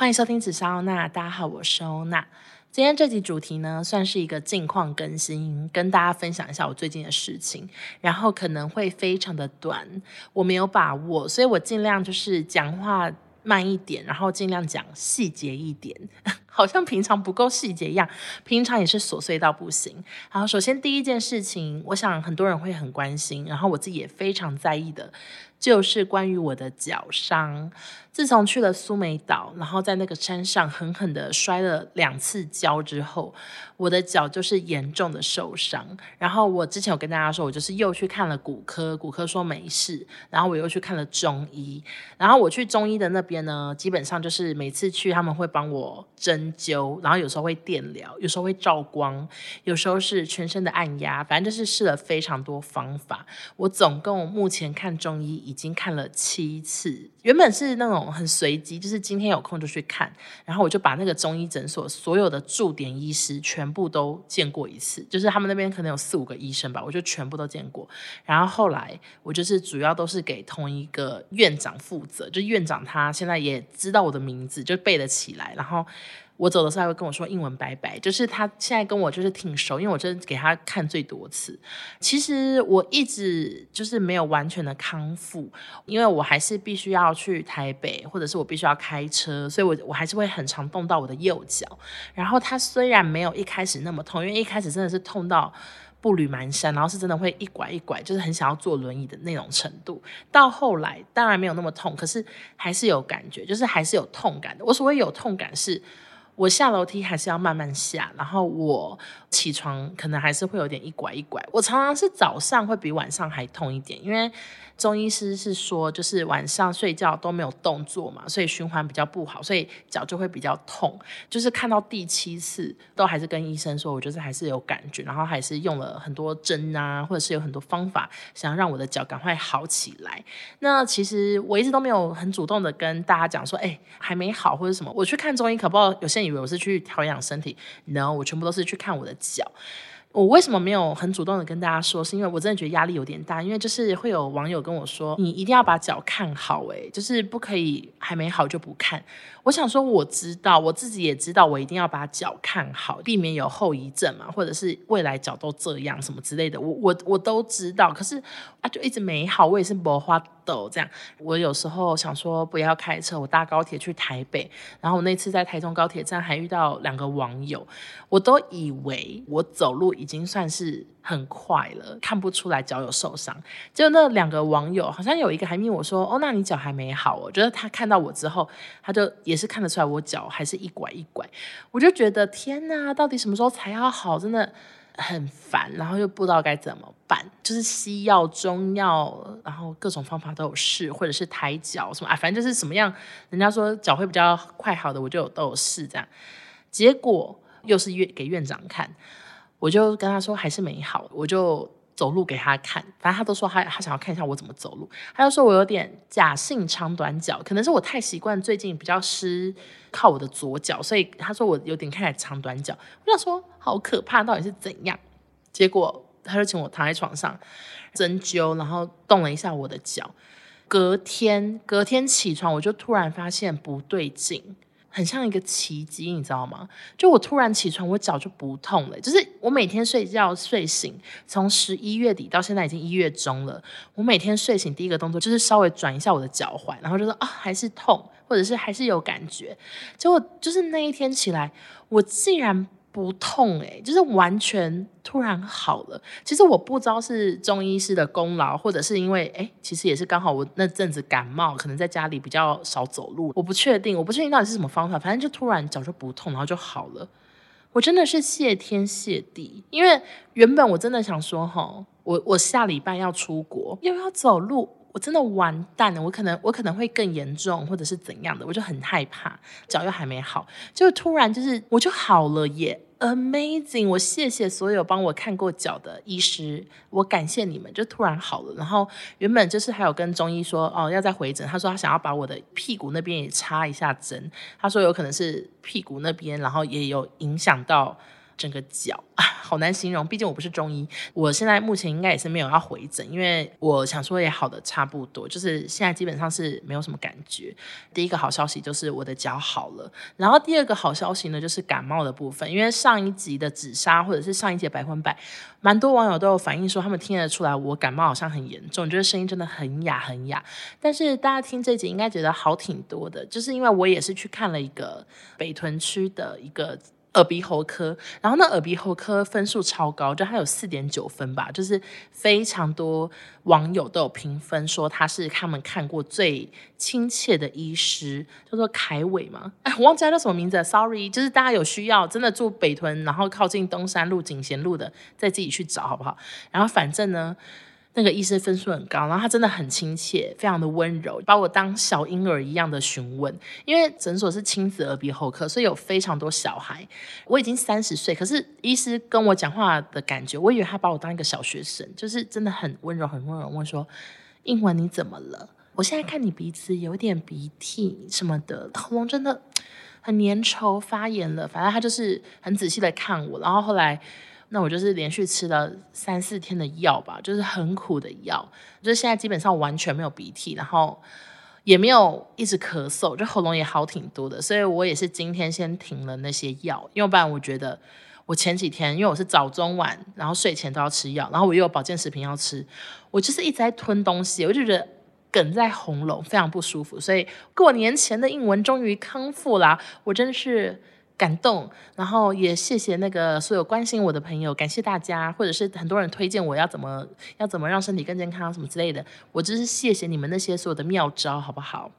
歡迎收聽紫砂歐娜，大家好，我是歐娜。今天這集主題呢，算是一個近況更新，跟大家分享一下我最近的事情。然後可能會非常的短，我沒有把握，所以我盡量就是講話慢一點，然後盡量講細節一點。好像平常不夠細節一樣，平常也是瑣碎到不行。好，首先第一件事情，我想很多人會很關心，然後我自己也非常在意的，就是關於我的腳傷。自從去了蘇梅島，然後在那個山上狠狠的摔了兩次跤之後，我的腳就是嚴重的受傷。然後我之前有跟大家說，我就是又去看了骨科，骨科說沒事，然後我又去看了中醫。然後我去中醫的那邊呢，基本上就是每次去他們會幫我診。針灸，然後有時候會電療，有時候會照光，有時候是全身的按壓，反正就是試了非常多方法。我總共目前看中醫已經看了七次。原本是那種很隨機，就是今天有空就去看，然後我就把那個中醫診所所有的駐點醫師全部都見過一次，就是他們那邊可能有四五個醫生吧，我就全部都見過。然後後來我就是主要都是給同一個院長負責，就院長他現在也知道我的名字，就背得起來。然後我走的時候還會跟我說英文拜拜，就是他現在跟我就是挺熟，因為我真的給他看最多次。其實我一直就是沒有完全的康復，因為我還是必須要。去台北，或者是我必須要開車，所以我，我我還是會很常動到我的右腳。然後，它雖然沒有一開始那麼痛，因為一開始真的是痛到步履蹣跚，然後是真的會一拐一拐，就是很想要坐輪椅的那種程度。到後來，當然沒有那麼痛，可是還是有感覺，就是還是有痛感的。我所謂有痛感是，是我下樓梯還是要慢慢下，然後我起床可能還是會有點一拐一拐。我常常是早上會比晚上還痛一點，因為。中醫師是說，就是晚上睡覺都沒有動作嘛，所以循環比較不好，所以腳就會比較痛。就是看到第七次，都還是跟醫生說，我就是還是有感覺，然後還是用了很多針啊，或者是有很多方法，想要讓我的腳趕快好起來。那其實我一直都沒有很主動的跟大家講說，哎、欸，還沒好或者什麼，我去看中醫，可不知道有些人以為我是去調養身體，no，我全部都是去看我的腳。我為什麼沒有很主動的跟大家說，是因為我真的覺得壓力有點大，因為就是會有網友跟我說，你一定要把腳看好，欸，誒，就是不可以還沒好就不看。我想說，我知道，我自己也知道，我一定要把腳看好，避免有後遺症嘛，或者是未來腳都這樣什麼之類的，我我我都知道。可是啊，就一直沒好，我也是莫法度這樣。我有時候想說不要開車，我搭高鐵去台北，然後我那次在台中高鐵站還遇到兩個網友，我都以為我走路。已經算是很快了，看不出來腳有受傷。結果那兩個網友，好像有一個還問我說：“哦，那你腳還沒好哦？”我覺得他看到我之後，他就也是看得出來我腳還是一拐一拐。我就覺得天吶，到底什麼時候才要好？真的很煩，然後又不知道該怎麼辦。就是西藥、中藥，然後各種方法都有試，或者是抬腳什麼啊，反正就是什麼樣。人家說腳會比較快好的，我就都有試這樣。結果又是院給院長看。我就跟他說還是沒好，我就走路給他看，反正他都說他他想要看一下我怎麼走路，他就說我有點假性長短腳，可能是我太習慣最近比較濕，靠我的左腳，所以他說我有點看起來長短腳。我想說好可怕，到底是怎樣？結果他就請我躺在床上針灸，然後動了一下我的腳，隔天隔天起床我就突然發現不對勁。很像一個奇蹟，你知道嗎？就我突然起床，我腳就不痛了。就是我每天睡覺睡醒，從十一月底到現在已經一月中了，我每天睡醒第一個動作就是稍微轉一下我的腳踝，然後就說啊、哦、還是痛，或者是還是有感覺。結果就是那一天起來，我竟然不痛哎、欸，就是完全突然好了。其實我不知道是中醫師的功勞，或者是因為哎、欸，其實也是剛好我那陣子感冒，可能在家裡比較少走路，我不確定，我不確定到底是什麼方法，反正就突然腳就不痛，然後就好了。我真的是謝天謝地，因為原本我真的想說哈，我我下禮拜要出國，又要，要走路。我真的完蛋了，我可能我可能會更嚴重或者是怎樣的，我就很害怕。腳又還沒好，就突然就是我就好了耶，amazing！我謝謝所有幫我看過腳的醫師，我感謝你們，就突然好了。然後原本就是還有跟中醫說哦，要再回診，他說他想要把我的屁股那邊也插一下針，他說有可能是屁股那邊，然後也有影響到。整個腳啊，好難形容，畢竟我不是中醫。我現在目前應該也是沒有要回診，因為我想說也好的差不多，就是現在基本上是沒有什麼感覺。第一個好消息就是我的腳好了，然後第二個好消息呢，就是感冒的部分，因為上一集的紫砂或者是上一集百分百，蠻多網友都有反映說他們聽得出來我感冒好像很嚴重，就是聲音真的很啞很啞。但是大家聽這集應該覺得好挺多的，就是因為我也是去看了一個北屯區的一個。耳鼻喉科，然後那耳鼻喉科分數超高，就它有四點九分吧，就是非常多網友都有評分說他是他們看過最親切的醫師，叫做凱偉嘛，哎，我忘記他叫什麼名字，sorry，就是大家有需要真的住北屯，然後靠近東山路、景賢路的，再自己去找好不好？然後反正呢。那個醫生分數很高，然後他真的很親切，非常的溫柔，把我當小嬰兒一樣的詢問。因為診所是親子耳鼻喉科，所以有非常多小孩。我已經三十歲，可是醫師跟我講話的感覺，我以為他把我當一個小學生，就是真的很溫柔，很溫柔問說：“英文你怎麼了？”我現在看你鼻子有點鼻涕什麼的，喉嚨真的很粘稠發炎了。反正他就是很仔細的看我，然後後來。那我就是連續吃了三四天的藥吧，就是很苦的藥，就是現在基本上完全沒有鼻涕，然後也沒有一直咳嗽，就喉嚨也好挺多的，所以我也是今天先停了那些藥，因為不然我覺得我前幾天因為我是早中晚然後睡前都要吃藥，然後我又有保健食品要吃，我就是一直在吞東西，我就覺得梗在喉嚨非常不舒服，所以過年前的英文終於康復啦啊，我真的是。感動，然後也謝謝那個所有關心我的朋友，感謝大家，或者是很多人推薦我要怎麼要怎麼讓身體更健康什麼之類的，我只是謝謝你們那些所有的妙招，好不好？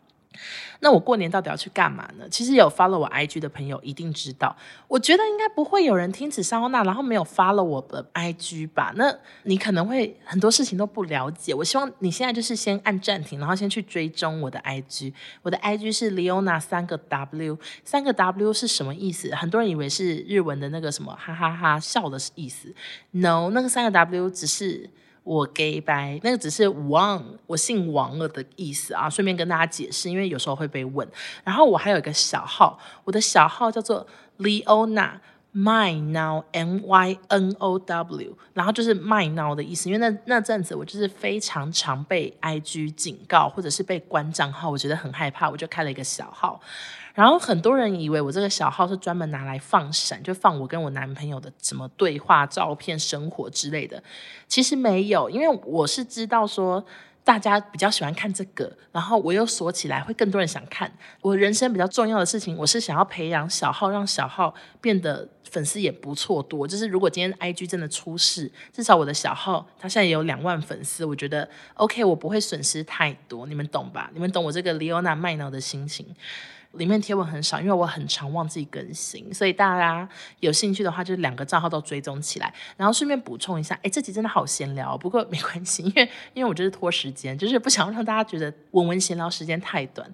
那我過年到底要去幹嘛呢？其實有 follow 我 IG 的朋友一定知道。我覺得應該不會有人聽此莎翁娜，然後沒有 follow 我的 IG 吧？那你可能會很多事情都不了解。我希望你現在就是先按暫停，然後先去追蹤我的 IG。我的 IG 是 Leona 三個 W，三個 W 是什麼意思？很多人以為是日文的那個什麼哈哈哈哈笑的意思。No，那個三個 W 只是。我 gay 掰。那個只是王，我姓王了的意思啊。順便跟大家解釋，因為有時候會被問。然後我還有一個小號，我的小號叫做 Leona My Now M Y N O W，然後就是 My Now 的意思。因為那那陣子我就是非常常被 IG 警告，或者是被關賬號，我覺得很害怕，我就開了一個小號。然後很多人以為我這個小號是專門拿來放閃，就放我跟我男朋友的什麼對話、照片、生活之類的。其實沒有，因為我是知道說大家比較喜歡看這個，然後我又鎖起來，會更多人想看。我人生比較重要的事情，我是想要培養小號，讓小號變得粉絲也不錯多。就是如果今天 IG 真的出事，至少我的小號它現在也有兩萬粉絲，我覺得 OK，我不會損失太多。你們懂吧？你們懂我這個 Leona 麥腦的心情。裡面貼文很少，因為我很常忘記更新，所以大家有興趣的話，就是兩個賬號都追蹤起來。然後順便補充一下，哎，這集真的好閒聊，不過沒關係，因為因為我就是拖時間，就是不想讓大家覺得文文閒聊時間太短。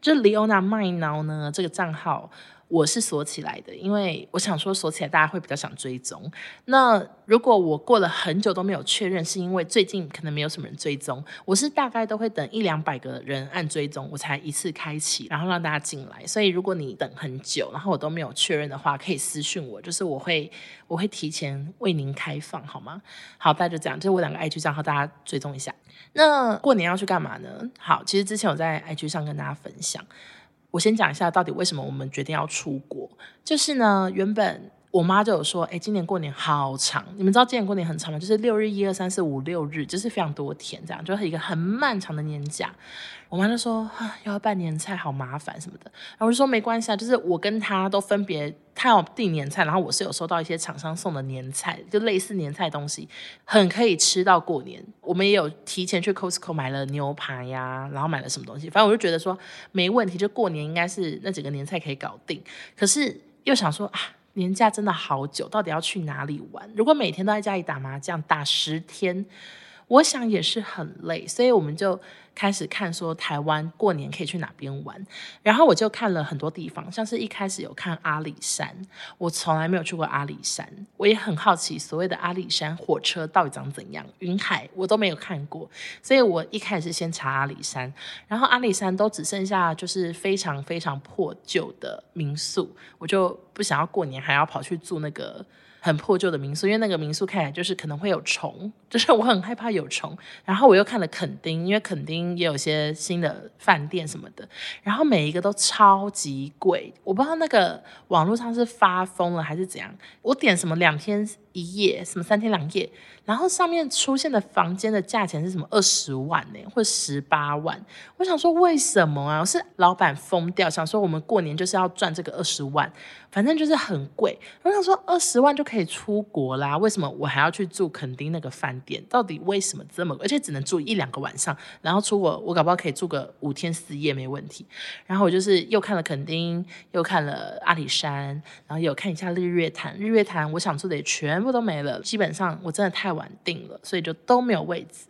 就 leona mynow 呢這個賬號。我是鎖起來的，因為我想說鎖起來大家會比較想追蹤。那如果我過了很久都沒有確認，是因為最近可能沒有什麼人追蹤。我是大概都會等一兩百個人按追蹤，我才一次開啟，然後讓大家進來。所以如果你等很久，然後我都沒有確認的話，可以私訊我，就是我會我會提前為您開放，好嗎？好，大家就這樣，就我兩個 IG 賬號，大家追蹤一下。那過年要去幹嘛呢？好，其實之前我在 IG 上跟大家分享。我先講一下到底為什麼我們決定要出國，就是呢，原本。我媽就有說，哎，今年過年好長，你們知道今年過年很長嗎？就是六日，一二三四五六日，就是非常多天，這樣就是一個很漫長的年假。我媽就說，啊，要辦年菜，好麻煩什麼的。然後我就說沒關係啊，就是我跟她都分別，她要訂年菜，然後我是有收到一些廠商送的年菜，就類似年菜東西，很可以吃到過年。我們也有提前去 Costco 買了牛排呀，然後買了什麼東西，反正我就覺得說沒問題，就過年應該是那幾個年菜可以搞定。可是又想說啊。年假真的好久，到底要去哪裡玩？如果每天都在家裡打麻將，打十天，我想也是很累，所以我們就。開始看說台灣過年可以去哪邊玩，然後我就看了很多地方，像是一開始有看阿里山，我從來沒有去過阿里山，我也很好奇所謂的阿里山火車到底長怎樣，雲海我都沒有看過，所以我一開始先查阿里山，然後阿里山都只剩下就是非常非常破舊的民宿，我就不想要過年還要跑去住那個。很破舊的民宿，因為那個民宿看起來就是可能會有蟲，就是我很害怕有蟲。然後我又看了墾丁，因為墾丁也有些新的飯店什麼的，然後每一個都超級貴，我不知道那個網絡上是發瘋了還是怎樣。我點什麼兩天。一夜什麼三天兩夜，然後上面出現的房間的價錢是什麼二十萬呢、欸，或十八萬？我想說為什麼啊？我是老闆瘋掉，想說我們過年就是要賺這個二十萬，反正就是很貴。我想說二十萬就可以出國啦，為什麼我還要去住墾丁那個飯店？到底為什麼這麼貴？而且只能住一兩個晚上，然後出國我搞不好可以住個五天四夜沒問題。然後我就是又看了墾丁，又看了阿里山，然後有看一下日月潭。日月潭我想住的全。都沒了，基本上我真的太晚訂了，所以就都沒有位置。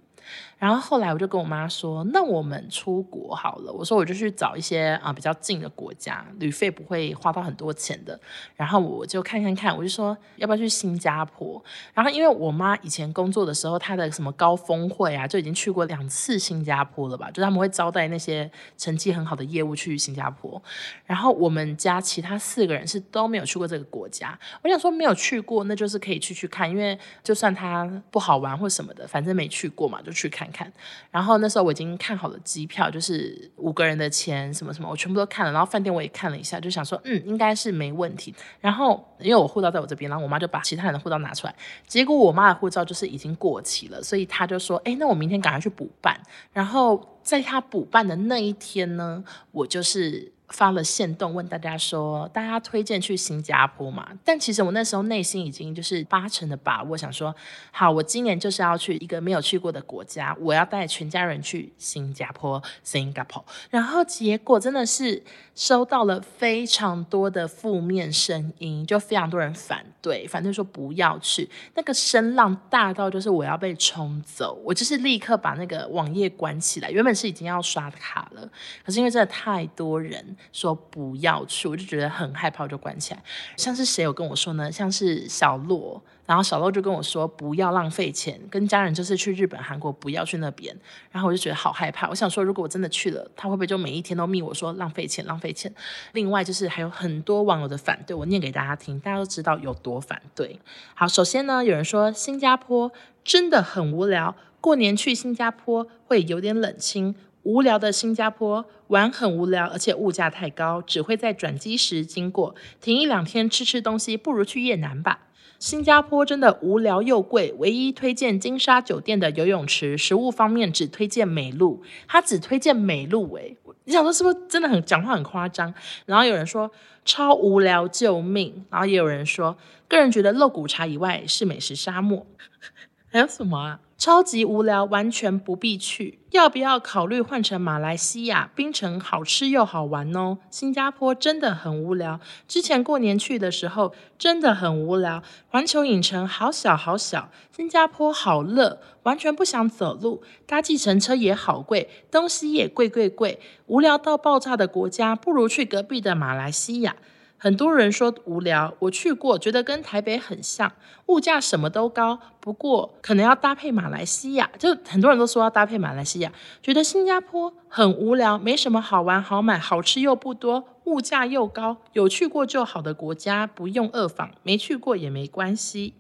然後後來我就跟我媽說：“那我們出國好了。”我說：“我就去找一些啊、呃、比較近的國家，旅費不會花到很多錢的。”然後我就看看看，我就說：“要不要去新加坡？”然後因為我媽以前工作的時候，她的什麼高峰會啊，就已經去過兩次新加坡了吧？就是他們會招待那些成績很好的業務去新加坡。然後我們家其他四個人是都沒有去過這個國家。我想說沒有去過，那就是可以去去看，因為就算她不好玩或什麼的，反正沒去過嘛，就去看看。看，然後那時候我已經看好了機票，就是五個人的錢什麼什麼，我全部都看了，然後飯店我也看了一下，就想說，嗯，應該是沒問題。然後因為我護照在我這邊，然後我媽就把其他人的護照拿出來，結果我媽的護照就是已經過期了，所以她就說，哎，那我明天趕快去補辦。然後在她補辦的那一天呢，我就是。發了限動問大家說，大家推薦去新加坡嗎？但其實我那時候內心已經就是八成的把握，我想說，好，我今年就是要去一個沒有去過的國家，我要帶全家人去新加坡，Singapore。然後結果真的是。收到了非常多的負面聲音，就非常多人反對，反對說不要去，那個聲浪大到就是我要被沖走，我就是立刻把那個網頁關起來。原本是已經要刷卡了，可是因為真的太多人說不要去，我就覺得很害怕，我就關起來。像是誰有跟我說呢？像是小洛。然後小露就跟我說：“不要浪費錢，跟家人就是去日本、韓國，不要去那邊。”然後我就覺得好害怕。我想說，如果我真的去了，他會不會就每一天都罵我說“浪費錢，浪費錢”？另外，就是還有很多網友的反對，我念給大家聽，大家都知道有多反對。好，首先呢，有人說新加坡真的很無聊，過年去新加坡會有點冷清，無聊的新加坡玩很無聊，而且物價太高，只會在轉機時經過停一兩天吃吃東西，不如去越南吧。新加坡真的無聊又貴，唯一推薦金沙酒店的游泳池。食物方面只推薦美露，他只推薦美露喂，你想說是不是真的很講話很誇張？然後有人說超無聊救命，然後也有人說，個人覺得肉骨茶以外是美食沙漠。還有什麼啊？超級無聊，完全不必去。要不要考慮換成馬來西亞？檳城好吃又好玩哦。新加坡真的很無聊，之前過年去的時候真的很無聊。環球影城好小好小，新加坡好熱，完全不想走路，搭計程車也好貴，東西也貴貴貴。無聊到爆炸的國家，不如去隔壁的馬來西亞。很多人說無聊，我去過，覺得跟台北很像，物價什麼都高。不過可能要搭配馬來西亞，就很多人都說要搭配馬來西亞，覺得新加坡很無聊，沒什麼好玩、好買、好吃又不多，物價又高。有去過就好的國家，不用二訪，沒去過也沒關係。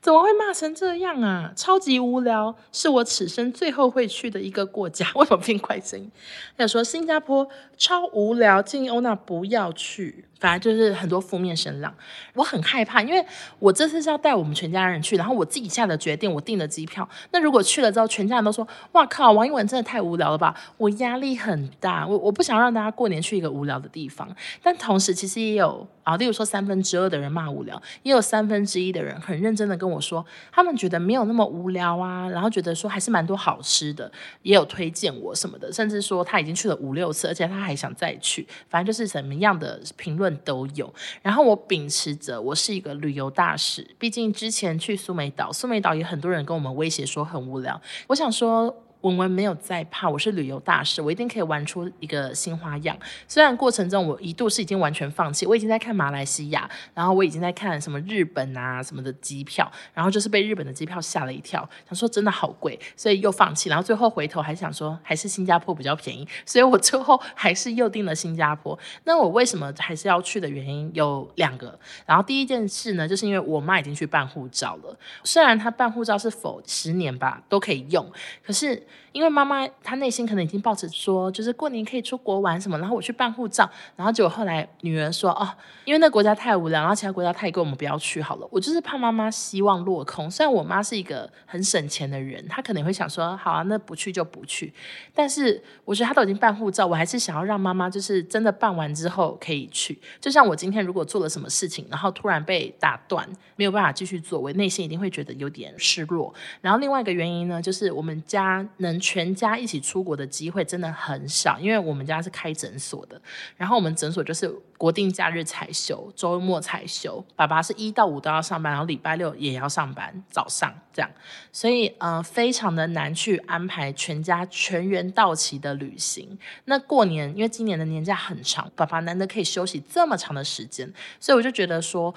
怎麼會罵成這樣啊？超級無聊，是我此生最後會去的一個國家。為什麼變怪聲？要說新加坡超無聊，建議歐娜不要去。反正就是很多負面聲浪，我很害怕，因為我這次是要帶我們全家人去，然後我自己下的決定，我訂了機票。那如果去了之後，全家人都說“哇靠，王一文真的太無聊了吧”，我壓力很大。我我不想讓大家過年去一個無聊的地方，但同時其實也有。啊，例如說三分之二的人罵無聊，也有三分之一的人很認真的跟我說，他們覺得沒有那麼無聊啊，然後覺得說還是蠻多好吃的，也有推薦我什麼的，甚至說他已經去了五六次，而且他還想再去，反正就是什麼樣的評論都有。然後我秉持着我是一個旅遊大使，畢竟之前去蘇梅島，蘇梅島也很多人跟我們威脅說很無聊，我想說。我們沒有在怕，我是旅遊大師，我一定可以玩出一個新花樣。雖然過程中我一度是已經完全放棄，我已經在看馬來西亞，然後我已經在看什麼日本啊什麼的機票，然後就是被日本的機票嚇了一跳，想說真的好貴，所以又放棄。然後最後回頭還想說還是新加坡比較便宜，所以我最後還是又訂了新加坡。那我為什麼還是要去的原因有兩個，然後第一件事呢，就是因為我媽已經去辦護照了，雖然她辦護照是否十年吧都可以用，可是，因為媽媽她內心可能已經抱着說，就是過年可以出國玩，什麼，然後我去辦護照，然後結果後來女兒說哦，因為那國家太無聊，然後其他國家太貴，我們不要去好了。我就是怕媽媽希望落空。雖然我媽是一個很省錢的人，她可能會想說好啊，那不去就不去。但是我覺得她都已經辦護照，我還是想要讓媽媽就是真的辦完之後可以去。就像我今天如果做了什麼事情，然後突然被打斷，沒有辦法繼續做，我內心一定會覺得有點失落。然後另外一個原因呢，就是我們家。能全家一起出國的機會真的很少，因為我們家是開診所的，然後我們診所就是國定假日才休，週末才休。爸爸是一到五都要上班，然後禮拜六也要上班，早上，這樣，所以嗯、呃，非常的難去安排全家全員到齊的旅行。那過年，因為今年的年假很長，爸爸難得可以休息這麼長的時間，所以我就覺得說。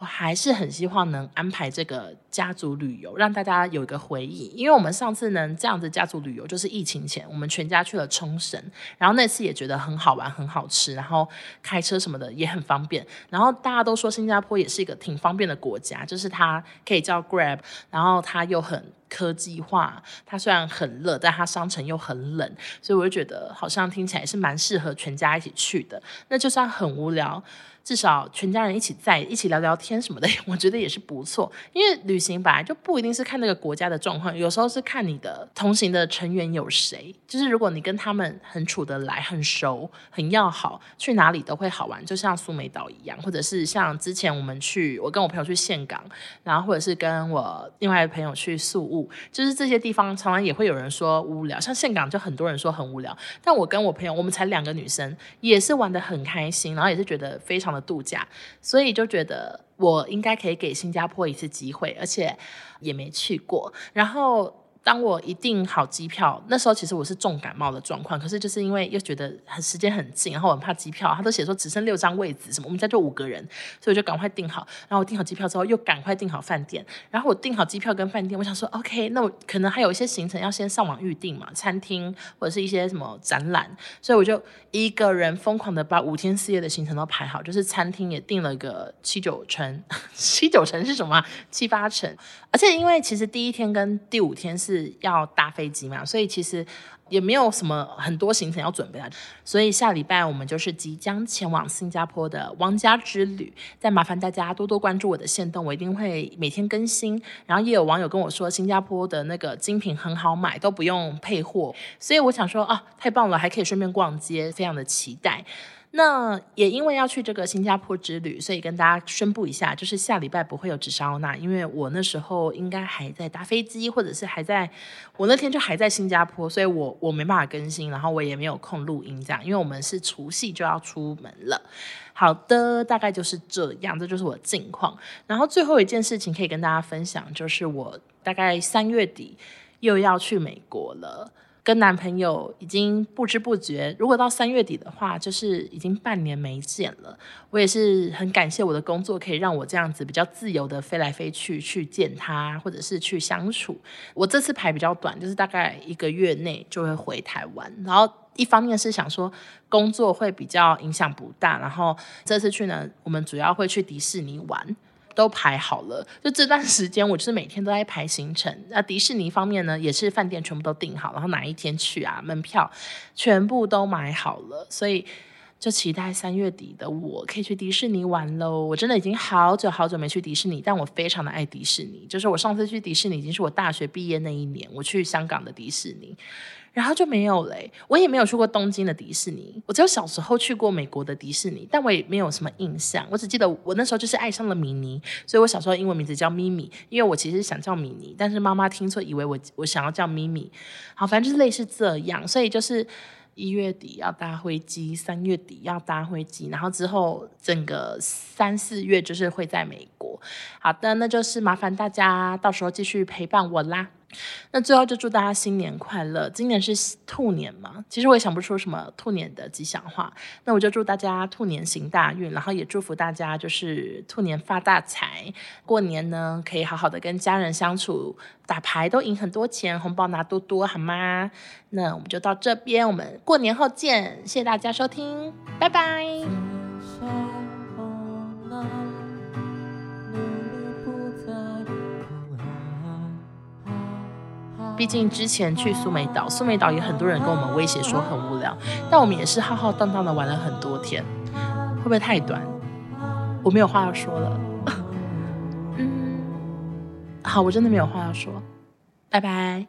我還是很希望能安排這個家族旅遊，讓大家有一個回憶。因為我們上次呢，這樣子家族旅遊，就是疫情前，我們全家去了沖繩，然後那次也覺得很好玩，很好吃，然後開車什麼的也很方便。然後大家都說新加坡也是一個挺方便的國家，就是它可以叫 Grab，然後它又很科技化。它雖然很熱，但它商城又很冷，所以我就覺得好像聽起來是蠻適合全家一起去的。那就算很無聊，至少全家人一起在，一起聊聊天什麼的，我覺得也是不錯。因為旅行本來就不一定是看那個國家的狀況，有時候是看你的同行的成員有誰。就是如果你跟他們很處得來、很熟、很要好，去哪裡都會好玩。就像蘇梅島一樣，或者是像之前我們去，我跟我朋友去峴港，然後或者是跟我另外的朋友去宿務，就是這些地方，常常也會有人說無聊。像峴港就很多人說很無聊，但我跟我朋友，我們才兩個女生，也是玩得很開心，然後也是覺得非常的。度假，所以就覺得我應該可以給新加坡一次機會，而且也沒去過，然後。當我一訂好機票，那時候其實我是重感冒的狀況，可是就是因為又覺得很時間很近，然後我很怕機票，他都寫說只剩六張位置什麼，我們家就五個人，所以我就趕快訂好。然後我訂好機票之後，又趕快訂好飯店。然後我訂好機票跟飯店，我想說 OK，那我可能還有一些行程要先上網預定嘛，餐廳或者是一些什麼展覽，所以我就一個人瘋狂的把五天四夜的行程都排好，就是餐廳也訂了個七九成，七九成是什麼、啊，七八成，而且因為其實第一天跟第五天是要搭飛機嘛，所以其實也沒有什麼很多行程要準備了。所以下禮拜我們就是即將前往新加坡的王家之旅。再麻煩大家多多關注我的限動，我一定會每天更新。然後也有網友跟我說，新加坡的那個精品很好買，都不用配貨。所以我想說啊，太棒了，還可以順便逛街，非常的期待。那也因為要去這個新加坡之旅，所以跟大家宣布一下，就是下禮拜不會有紙燒那，因為我那時候應該還在搭飛機，或者是還在我那天就還在新加坡，所以我我沒辦法更新，然後我也沒有空錄音這樣，因為我們是除夕就要出門了。好的，大概就是這樣，這就是我的近況。然後最後一件事情可以跟大家分享，就是我大概三月底又要去美國了。跟男朋友已經不知不覺，如果到三月底的話，就是已經半年沒見了。我也是很感謝我的工作，可以讓我這樣子比較自由的飛來飛去，去見他或者是去相處。我這次排比較短，就是大概一個月內就會回台灣。然後一方面是想說工作會比較影響不大，然後這次去呢，我們主要會去迪士尼玩。都排好了，就這段時間，我就是每天都在排行程。那迪士尼方面呢，也是飯店全部都訂好，然後哪一天去啊，門票全部都買好了，所以。就期待三月底的我可以去迪士尼玩嘍！我真的已經好久好久沒去迪士尼，但我非常的愛迪士尼。就是我上次去迪士尼，已經是我大學畢業那一年，我去香港的迪士尼，然後就沒有嘞、欸。我也沒有去過東京的迪士尼，我只有小時候去過美國的迪士尼，但我也沒有什麼印象。我只記得我那時候就是愛上了米妮，所以我小時候英文名字叫咪咪，因為我其實想叫米妮，但是媽媽聽錯以為我我想要叫咪咪。好，反正就是類似這樣，所以就是。一月底要搭飛機，三月底要搭飛機，然後之後整個三四月就是會在美國。好的，那就是麻煩大家到時候繼續陪伴我啦。那最後就祝大家新年快樂，今年是兔年嘛，其實我也想不出什麼兔年的吉祥話，那我就祝大家兔年行大運，然後也祝福大家就是兔年發大財，過年呢可以好好的跟家人相處，打牌都贏很多錢，紅包拿多多，好嗎？那我們就到這邊，我們過年後見，謝謝大家收聽，拜拜。 畢竟之前去蘇梅島，蘇梅島有很多人跟我們威脅說很無聊，但我們也是浩浩蕩荡的玩了很多天，會不會太短？我沒有話要說了， 嗯，好，我真的沒有話要說，拜拜。